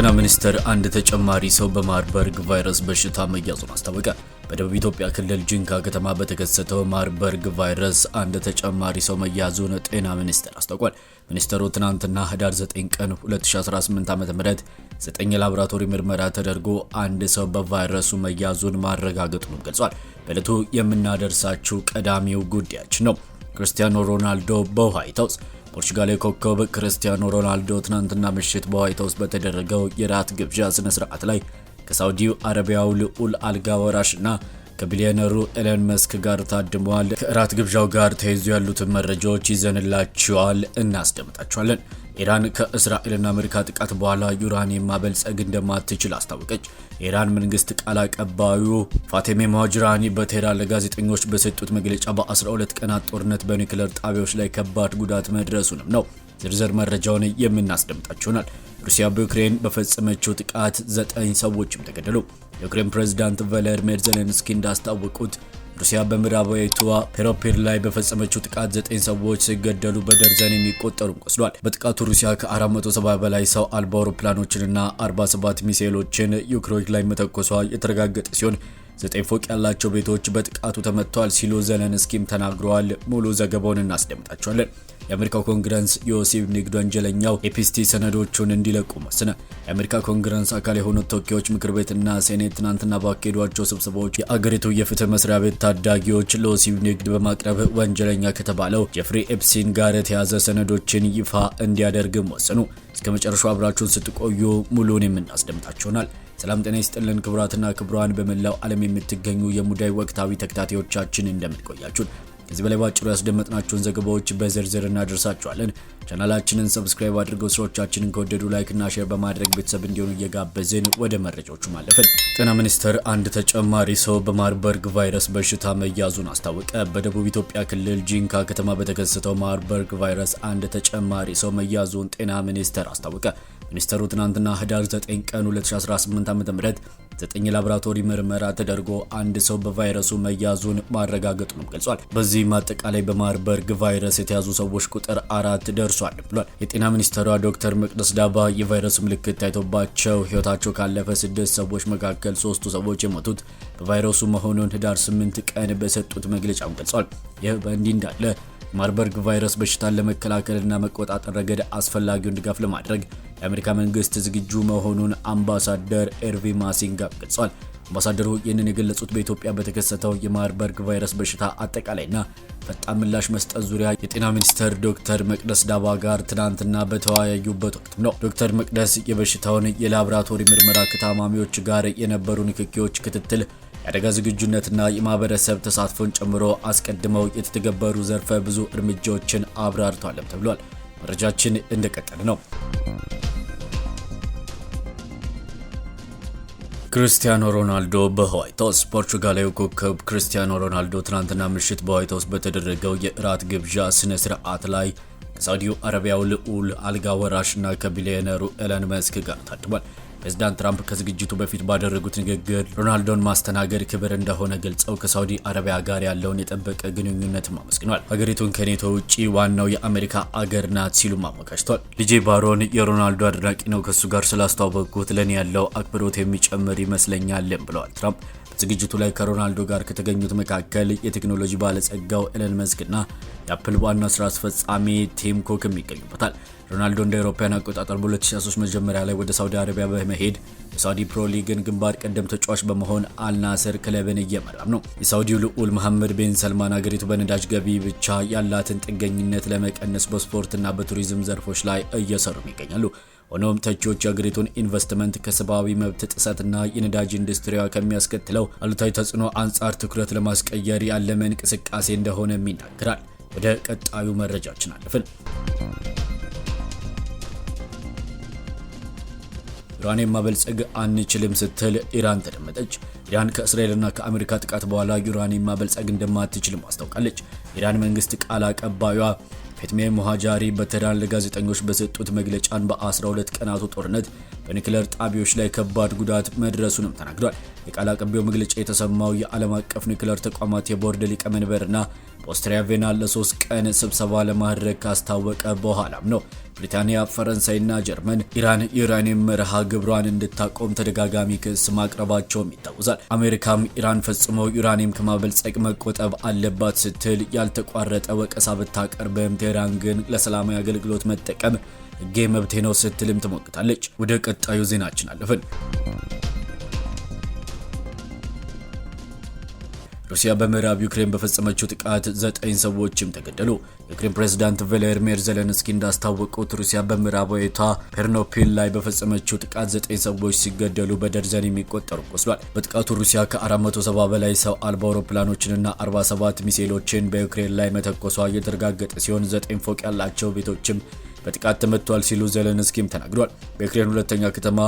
ጤና ሚኒስቴር አንድ ተጨማሪ ሰው በማርበርግ ቫይረስ በሽታ መያዙን አስታወቀ። በደቡብ ኢትዮጵያ ክልል ጂንካ ከተማ በተከሰተው ማርበርግ ቫይረስ አንድ ተጨማሪ ሰው መያዙን ጤና ሚኒስቴር አስታውቋል። ሚኒስቴሩ ትናንትና ህዳር 9 ቀን 2018 ዓ.ም 9 የላቦራቶሪ ምርመራ ተደርጎ አንድ ሰው በቫይረሱ መያዙን ማረጋገጡንም ገልጿል። በዕለቱ የምናደርሳችሁ ቀዳሚው ጉዳያችን ነው። ክርስቲያኖ ሮናልዶ በዋይት ሃውስ ፖርቹጋላዊ ኮከብ ክርስቲያኖ ሮናልዶ ትናንትና ምሽት በዋይት ሀውስ በተደረገው የራት ግብዣ ስነ ስርዓት ላይ ከሳውዲው አረቢያው ልዑል አልጋ ወራሽና ከቢሊዮነሩ ኤለን መስክ ጋር ታድመዋል። ከእራት ግብዣው ጋር ተይዞ ያሉትን መረጃዎች ይዘንላችኋል፣ እናስደምጣችኋለን። ኢራን ከእስራኤልና አሜሪካ ጥቃት በኋላ ዩራኒየም ማበልጸግ እንደማትችል አስታወቀች። የኢራን መንግስት ቃል አቀባዩ ፋቴሜ ማጅራኒ በቴህራን ለጋዜጠኞች በሰጡት መግለጫ በ12 ቀናት ጦርነት በኒክለር ጣቢያዎች ላይ ከባድ ጉዳት መድረሱንም ነው። ዝርዝር መረጃውን የምናስደምጣችሁናል። ሩሲያ በዩክሬን በፈጸመችው ጥቃት ዘጠኝ ሰዎችም ተገደሉ። የዩክሬን ፕሬዝዳንት ቮሎዲሚር ዜሌንስኪ እንዳስታወቁት ሩሲያ በምዕራባዊቷ ፔሮፔር ላይ በፈጸመችው ጥቃት ዘጠኝ ሰዎች ሲገደሉ በደርዘን የሚቆጠሩ ቆስሏል። በጥቃቱ ሩሲያ ከ470 በላይ ሰው አልባ አውሮፕላኖችንና 47 ሚሳኤሎችን ዩክሬን ላይ መተኮሷ የተረጋገጠ ሲሆን ዘጠኝ ፎቅ ያላቸው ቤቶች በጥቃቱ ተመትተዋል ሲሉ ዘለንስኪም ተናግረዋል። ሙሉ ዘገባውን እናስደምጣቸዋለን። የአሜሪካው ኮንግረስ የወሲብ ንግድ ወንጀለኛው ኤፒስቲ ሰነዶቹን እንዲለቁ መስነ የአሜሪካ ኮንግረስ አካል የሆኑት ተወካዮች ምክር ቤትና ሴኔት ትናንትና ባካሄዷቸው ስብሰባዎች የአገሪቱ የፍትህ መስሪያ ቤት ታዳጊዎች ለወሲብ ንግድ በማቅረብ ወንጀለኛ ከተባለው ጄፍሪ ኤፕሲን ጋር የተያዘ ሰነዶችን ይፋ እንዲያደርግም ወሰኑ። እስከ መጨረሻው አብራችሁን ስትቆዩ ሙሉን የምናስደምጣችሁናል። ሰላም ጤና ይስጥልን ክቡራትና ክቡራን፣ በመላው ዓለም የምትገኙ የሙዳይ ወቅታዊ ተከታታዮቻችን እንደምንቆያችሁን ከዚህ በላይ ባጭሩ ያስደመጥናቸውን ዘገባዎች በዝርዝር እናደርሳቸዋለን። ቻናላችንን ሰብስክራይብ አድርገው ስራዎቻችንን ከወደዱ ላይክና ሼር በማድረግ ቤተሰብ እንዲሆኑ እየጋበዝን ወደ መረጃዎቹ ማለፍን። ጤና ሚኒስቴር አንድ ተጨማሪ ሰው በማርበርግ ቫይረስ በሽታ መያዙን አስታወቀ። በደቡብ ኢትዮጵያ ክልል ጂንካ ከተማ በተከሰተው ማርበርግ ቫይረስ አንድ ተጨማሪ ሰው መያዙን ጤና ሚኒስቴር አስታወቀ። ሚኒስቴሩ ትናንትና ህዳር 9 ቀን 2018 ም ዘጠኝ ላቦራቶሪ ምርመራ ተደርጎ አንድ ሰው በቫይረሱ መያዙን ማረጋገጡንም ገልጿል። በዚህም አጠቃላይ በማርበርግ ቫይረስ የተያዙ ሰዎች ቁጥር አራት ደርሷል ብሏል። የጤና ሚኒስትሯ ዶክተር መቅደስ ዳባ የቫይረሱ ምልክት ታይቶባቸው ህይወታቸው ካለፈ ስድስት ሰዎች መካከል ሶስቱ ሰዎች የሞቱት በቫይረሱ መሆኑን ህዳር ስምንት ቀን በሰጡት መግለጫም ገልጿል። ይህ በእንዲህ እንዳለ የማርበርግ ቫይረስ በሽታን ለመከላከልና መቆጣጠር ረገድ አስፈላጊውን ድጋፍ ለማድረግ የአሜሪካ መንግስት ዝግጁ መሆኑን አምባሳደር ኤርቪ ማሲንጋ ገልጿል። አምባሳደሩ ይህንን የገለጹት በኢትዮጵያ በተከሰተው የማርበርግ ቫይረስ በሽታ አጠቃላይና ፈጣን ምላሽ መስጠት ዙሪያ የጤና ሚኒስትር ዶክተር መቅደስ ዳባ ጋር ትናንትና በተወያዩበት ወቅትም ነው። ዶክተር መቅደስ የበሽታውን የላብራቶሪ ምርመራ ከታማሚዎች ጋር የነበሩ ንክኪዎች ክትትል የአደጋ ዝግጁነትና የማህበረሰብ ተሳትፎን ጨምሮ አስቀድመው የተተገበሩ ዘርፈ ብዙ እርምጃዎችን አብራርቷለም ተብሏል። መረጃችን እንደቀጠለ ነው። ክርስቲያኖ ሮናልዶ በዋይት ሀውስ። ፖርቹጋላዊ ኮከብ ክርስቲያኖ ሮናልዶ ትናንትና ምሽት በዋይት ሀውስ በተደረገው የእራት ግብዣ ስነ ስርዓት ላይ ከሳውዲው አረቢያው ልዑል አልጋ ወራሽና ከቢሊዮነሩ ኤለን መስክ ጋር ታድሟል። ፕሬዚዳንት ትራምፕ ከዝግጅቱ በፊት ባደረጉት ንግግር ሮናልዶን ማስተናገድ ክብር እንደሆነ ገልጸው ከሳውዲ አረቢያ ጋር ያለውን የጠበቀ ግንኙነትም አመስግኗል። ሀገሪቱን ከኔቶ ውጭ ዋናው የአሜሪካ አገር ናት ሲሉም አመካሽቷል። ልጄ ባሮን የሮናልዶ አድናቂ ነው። ከእሱ ጋር ስላስተዋወቅኩት ለእኔ ያለው አክብሮት የሚጨምር ይመስለኛልም ብለዋል ትራምፕ ዝግጅቱ ላይ ከሮናልዶ ጋር ከተገኙት መካከል የቴክኖሎጂ ባለጸጋው ኤለን መስክና የአፕል ዋና ስራ አስፈጻሚ ቲም ኩክም ይገኙበታል። ሮናልዶ እንደ አውሮፓውያን አቆጣጠር በ2023 መጀመሪያ ላይ ወደ ሳውዲ አረቢያ በመሄድ የሳውዲ ፕሮ ሊግን ግንባር ቀደም ተጫዋች በመሆን አልናስር ክለብን እየመራም ነው። የሳውዲው ልዑል መሐመድ ቤን ሰልማን አገሪቱ በነዳጅ ገቢ ብቻ ያላትን ጥገኝነት ለመቀነስ በስፖርትና በቱሪዝም ዘርፎች ላይ እየሰሩም ይገኛሉ። ሆኖም ተቺዎች የአገሪቱን ኢንቨስትመንት ከሰብአዊ መብት ጥሰትና የነዳጅ ኢንዱስትሪዋ ከሚያስከትለው አሉታዊ ተጽዕኖ አንጻር ትኩረት ለማስቀየር ያለመ እንቅስቃሴ እንደሆነም ይናገራል። ወደ ቀጣዩ መረጃችን አለፍን። ኢራን የማበልጸግ አንችልም ስትል ኢራን ተደመጠች። ኢራን ከእስራኤልና ከአሜሪካ ጥቃት በኋላ ዩራኒየም የማበልጸግ እንደማትችል አስታውቃለች። ኢራን መንግስት ቃል አቀባዩዋ ፌትሜ ሙሃጃሪ በተዳን ለጋዜጠኞች በሰጡት መግለጫን በ12 ቀናቱ ጦርነት በኒክለር ጣቢያዎች ላይ ከባድ ጉዳት መድረሱንም ተናግዷል። የቃል አቀባዩ መግለጫ የተሰማው የዓለም አቀፍ ኒክለር ተቋማት የቦርድ ሊቀመንበርና በኦስትሪያ ቬና ለሶስት ቀን ስብሰባ ለማድረግ ካስታወቀ በኋላም ነው። ብሪታንያ፣ ፈረንሳይና ጀርመን ኢራን የዩራኒየም መርሃ ግብሯን እንድታቆም ተደጋጋሚ ክስ ማቅረባቸውም ይታወሳል። አሜሪካም ኢራን ፈጽሞ ዩራኒየም ከማበልጸግ መቆጠብ አለባት ስትል ያልተቋረጠ ወቀሳ ብታቀርብም ቴህራን ግን ለሰላማዊ አገልግሎት መጠቀም ሕጌ መብቴ ነው ስትልም ትሞግታለች። ወደ ቀጣዩ ዜናችን አለፍን። ሩሲያ በምዕራብ ዩክሬን በፈጸመችው ጥቃት ዘጠኝ ሰዎችም ተገደሉ። የዩክሬን ፕሬዝዳንት ቮሎዲሚር ዘለንስኪ እንዳስታወቁት ሩሲያ በምዕራባዊቷ ፔርኖፒል ላይ በፈጸመችው ጥቃት ዘጠኝ ሰዎች ሲገደሉ በደርዘን የሚቆጠሩ ቆስሏል። በጥቃቱ ሩሲያ ከ470 በላይ ሰው አልባ አውሮፕላኖችንና 47 ሚሳኤሎችን በዩክሬን ላይ መተኮሷ እየተረጋገጠ ሲሆን ዘጠኝ ፎቅ ያላቸው ቤቶችም በጥቃት ተመቷል ሲሉ ዘለንስኪም ተናግሯል። በዩክሬን ሁለተኛ ከተማ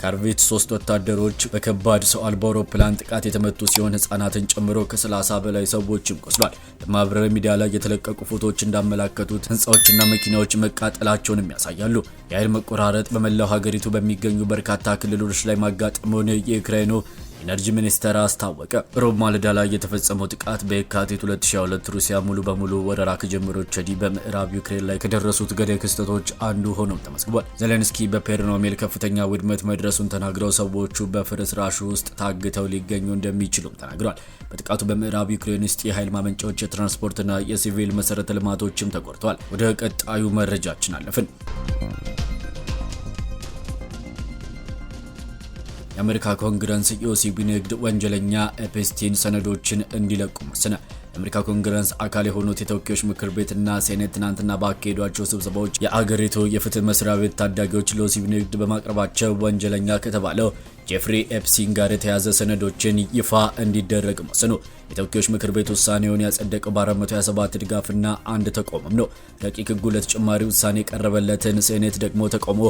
ካርቬት ሶስት ወታደሮች በከባድ ሰው አልባ አውሮፕላን ጥቃት የተመቱ ሲሆን ህጻናትን ጨምሮ ከ30 በላይ ሰዎችም ቆስሏል። በማህበራዊ ሚዲያ ላይ የተለቀቁ ፎቶዎች እንዳመላከቱት ህንፃዎችና መኪናዎች መቃጠላቸውንም ያሳያሉ። የኃይል መቆራረጥ በመላው ሀገሪቱ በሚገኙ በርካታ ክልሎች ላይ ማጋጠሙን የዩክሬኑ ኢነርጂ ሚኒስቴር አስታወቀ። ሮብ ማለዳ ላይ የተፈጸመው ጥቃት በየካቲት 2022 ሩሲያ ሙሉ በሙሉ ወረራ ከጀመረች ወዲህ በምዕራብ ዩክሬን ላይ ከደረሱት ገዳይ ክስተቶች አንዱ ሆኖም ተመዝግቧል። ዜሌንስኪ በፔርኖሜል ከፍተኛ ውድመት መድረሱን ተናግረው ሰዎቹ በፍርስራሹ ውስጥ ታግተው ሊገኙ እንደሚችሉም ተናግረዋል። በጥቃቱ በምዕራብ ዩክሬን ውስጥ የኃይል ማመንጫዎች፣ የትራንስፖርትና የሲቪል መሰረተ ልማቶችም ተቆርተዋል። ወደ ቀጣዩ መረጃችን አለፍን። የአሜሪካ ኮንግረስ የወሲብ ንግድ ወንጀለኛ ኤፕስቲን ሰነዶችን እንዲለቁ ወሰነ። የአሜሪካ ኮንግረስ አካል የሆኑት የተወካዮች ምክር ቤትና ሴኔት ትናንትና ባካሄዷቸው ስብሰባዎች የአገሪቱ የፍትህ መስሪያ ቤት ታዳጊዎች ለወሲብ ንግድ በማቅረባቸው ወንጀለኛ ከተባለው ጄፍሪ ኤፕሲን ጋር የተያዘ ሰነዶችን ይፋ እንዲደረግ መስኖ የተወካዮች ምክር ቤት ውሳኔውን ያጸደቀው በ427 ድጋፍና አንድ ተቃውሞም ነው። ረቂቅ ሕጉ ለተጨማሪ ውሳኔ የቀረበለትን ሴኔት ደግሞ ተቃውሞ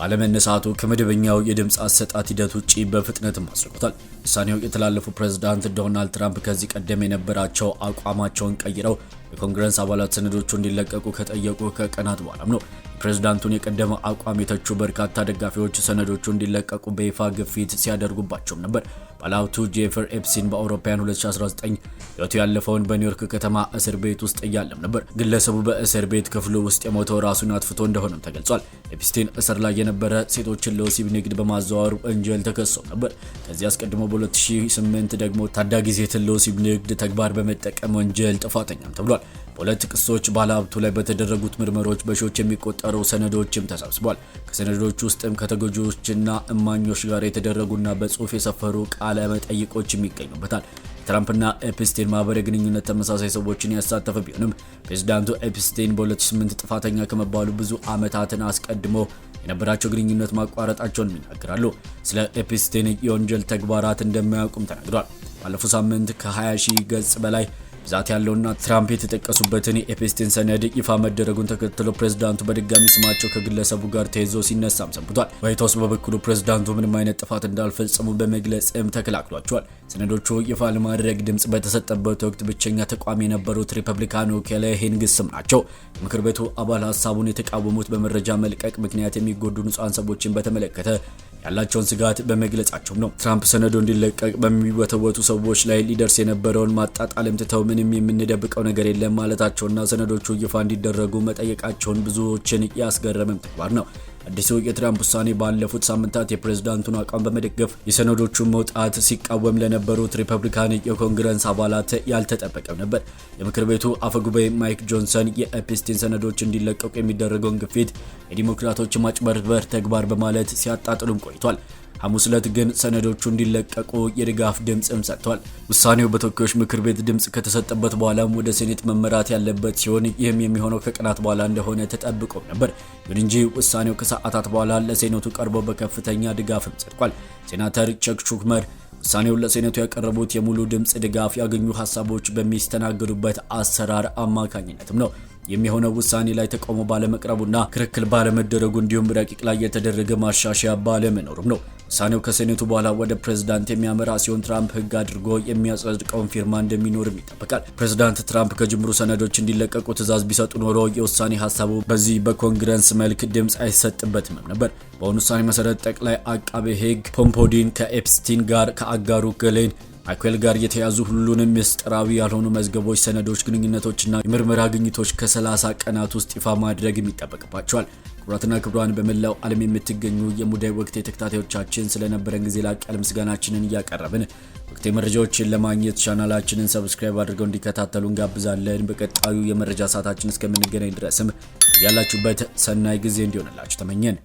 ባለመነሳቱ ከመደበኛው የድምፅ አሰጣት ሂደት ውጭ በፍጥነት አጽድቆታል። ውሳኔው የተላለፉ ፕሬዝዳንት ዶናልድ ትራምፕ ከዚህ ቀደም የነበራቸው አቋማቸውን ቀይረው የኮንግረስ አባላት ሰነዶቹ እንዲለቀቁ ከጠየቁ ከቀናት በኋላም ነው የፕሬዝዳንቱን የቀደመ አቋም የተቹ በርካታ ደጋፊዎች ሰነዶቹ እንዲለቀቁ በይፋ ግፊት ሲያደርጉባቸውም ነበር። ባለሀብቱ ጄፈር ኤፕሲን በአውሮፓውያን 2019 ህይወቱ ያለፈውን በኒውዮርክ ከተማ እስር ቤት ውስጥ እያለም ነበር። ግለሰቡ በእስር ቤት ክፍሉ ውስጥ የሞተው ራሱን አጥፍቶ እንደሆነም ተገልጿል። ኤፕስቲን እስር ላይ የነበረ ሴቶችን ለወሲብ ንግድ በማዘዋወር ወንጀል ተከሰው ነበር። ከዚህ አስቀድሞ በ2008 ደግሞ ታዳጊ ሴትን ለወሲብ ንግድ ተግባር በመጠቀም ወንጀል ጥፋተኛም ተብሏል። ተሰብስቧል። በሁለት ክሶች ባለሀብቱ ላይ በተደረጉት ምርመሮች በሺዎች የሚቆጠሩ ሰነዶችም ተሰብስቧል። ከሰነዶች ውስጥም ከተጎጂዎችና እማኞች ጋር የተደረጉና በጽሁፍ የሰፈሩ ቃለ መጠይቆችም ይገኙበታል። የትራምፕና ኤፕስቴን ማህበር ግንኙነት ተመሳሳይ ሰዎችን ያሳተፈ ቢሆንም ፕሬዚዳንቱ ኤፕስቴን በ2008 ጥፋተኛ ከመባሉ ብዙ ዓመታትን አስቀድሞ የነበራቸው ግንኙነት ማቋረጣቸውን ይናገራሉ። ስለ ኤፕስቴን የወንጀል ተግባራት እንደማያውቁም ተናግሯል። ባለፈው ሳምንት ከ20 ሺህ ገጽ በላይ ብዛት ያለውና ትራምፕ የተጠቀሱበትን የኤፕስቴን ሰነድ ይፋ መደረጉን ተከትሎ ፕሬዝዳንቱ በድጋሚ ስማቸው ከግለሰቡ ጋር ተይዞ ሲነሳም ሰንብቷል። ዋይት ሀውስ በበኩሉ ፕሬዝዳንቱ ምንም አይነት ጥፋት እንዳልፈጸሙ በመግለጽም ተከላክሏቸዋል። ሰነዶቹ ይፋ ለማድረግ ድምፅ በተሰጠበት ወቅት ብቸኛ ተቋሚ የነበሩት ሪፐብሊካኑ ኬለ ሄንግስም ናቸው። ምክር ቤቱ አባል ሀሳቡን የተቃወሙት በመረጃ መልቀቅ ምክንያት የሚጎዱ ንጹሐን ሰዎችን በተመለከተ ያላቸውን ስጋት በመግለጻቸውም ነው። ትራምፕ ሰነዱ እንዲለቀቅ በሚወተወቱ ሰዎች ላይ ሊደርስ የነበረውን ማጣጣልም ትተው ምንም የምንደብቀው ነገር የለም ማለታቸውና ሰነዶቹ ይፋ እንዲደረጉ መጠየቃቸውን ብዙዎችን ያስገረመም ተግባር ነው። አዲሱ የትራምፕ ውሳኔ ባለፉት ሳምንታት የፕሬዝዳንቱን አቋም በመደገፍ የሰነዶቹን መውጣት ሲቃወም ለነበሩት ሪፐብሊካን የኮንግረስ አባላት ያልተጠበቀም ነበር። የምክር ቤቱ አፈጉባኤ ማይክ ጆንሰን የኤፕስቲን ሰነዶች እንዲለቀቁ የሚደረገውን ግፊት የዲሞክራቶች ማጭበርበር ተግባር በማለት ሲያጣጥሉም ቆይቷል። ሐሙስ ዕለት ግን ሰነዶቹ እንዲለቀቁ የድጋፍ ድምፅም ሰጥቷል። ውሳኔው በተወካዮች ምክር ቤት ድምፅ ከተሰጠበት በኋላም ወደ ሴኔት መመራት ያለበት ሲሆን ይህም የሚሆነው ከቀናት በኋላ እንደሆነ ተጠብቆም ነበር። ይሁን እንጂ ውሳኔው ከሰዓታት በኋላ ለሴኔቱ ቀርቦ በከፍተኛ ድጋፍም ጸድቋል። ሴናተር ቸክ ሹክመር ውሳኔውን ለሴኔቱ ያቀረቡት የሙሉ ድምፅ ድጋፍ ያገኙ ሀሳቦች በሚስተናገዱበት አሰራር አማካኝነትም ነው የሚሆነው ውሳኔ ላይ ተቃውሞ ባለመቅረቡና ክርክል ባለመደረጉ እንዲሁም ረቂቅ ላይ የተደረገ ማሻሻያ ባለመኖሩም ነው። ውሳኔው ከሴኔቱ በኋላ ወደ ፕሬዝዳንት የሚያመራ ሲሆን ትራምፕ ህግ አድርጎ የሚያጸድቀውን ፊርማ እንደሚኖርም ይጠበቃል። ፕሬዝዳንት ትራምፕ ከጅምሩ ሰነዶች እንዲለቀቁ ትዕዛዝ ቢሰጡ ኖሮ የውሳኔ ሀሳቡ በዚህ በኮንግረስ መልክ ድምፅ አይሰጥበትም ነበር። በአሁኑ ውሳኔ መሰረት ጠቅላይ አቃቤ ሕግ ፖምፖዲን ከኤፕስቲን ጋር ከአጋሩ ገሌን ማይክዌል ጋር የተያዙ ሁሉንም ምስጢራዊ ያልሆኑ መዝገቦች፣ ሰነዶች፣ ግንኙነቶችና የምርመራ ግኝቶች ከ30 ቀናት ውስጥ ይፋ ማድረግም ይጠበቅባቸዋል። ክቡራትና ክቡራን በመላው ዓለም የምትገኙ የሙዳይ ወቅት ተከታታዮቻችን ስለነበረን ጊዜ ላቅ ያለ ምስጋናችንን እያቀረብን ወቅቴ መረጃዎችን ለማግኘት ቻናላችንን ሰብስክራይብ አድርገው እንዲከታተሉ እንጋብዛለን። በቀጣዩ የመረጃ ሰዓታችን እስከምንገናኝ ድረስም ያላችሁበት ሰናይ ጊዜ እንዲሆንላችሁ ተመኘን።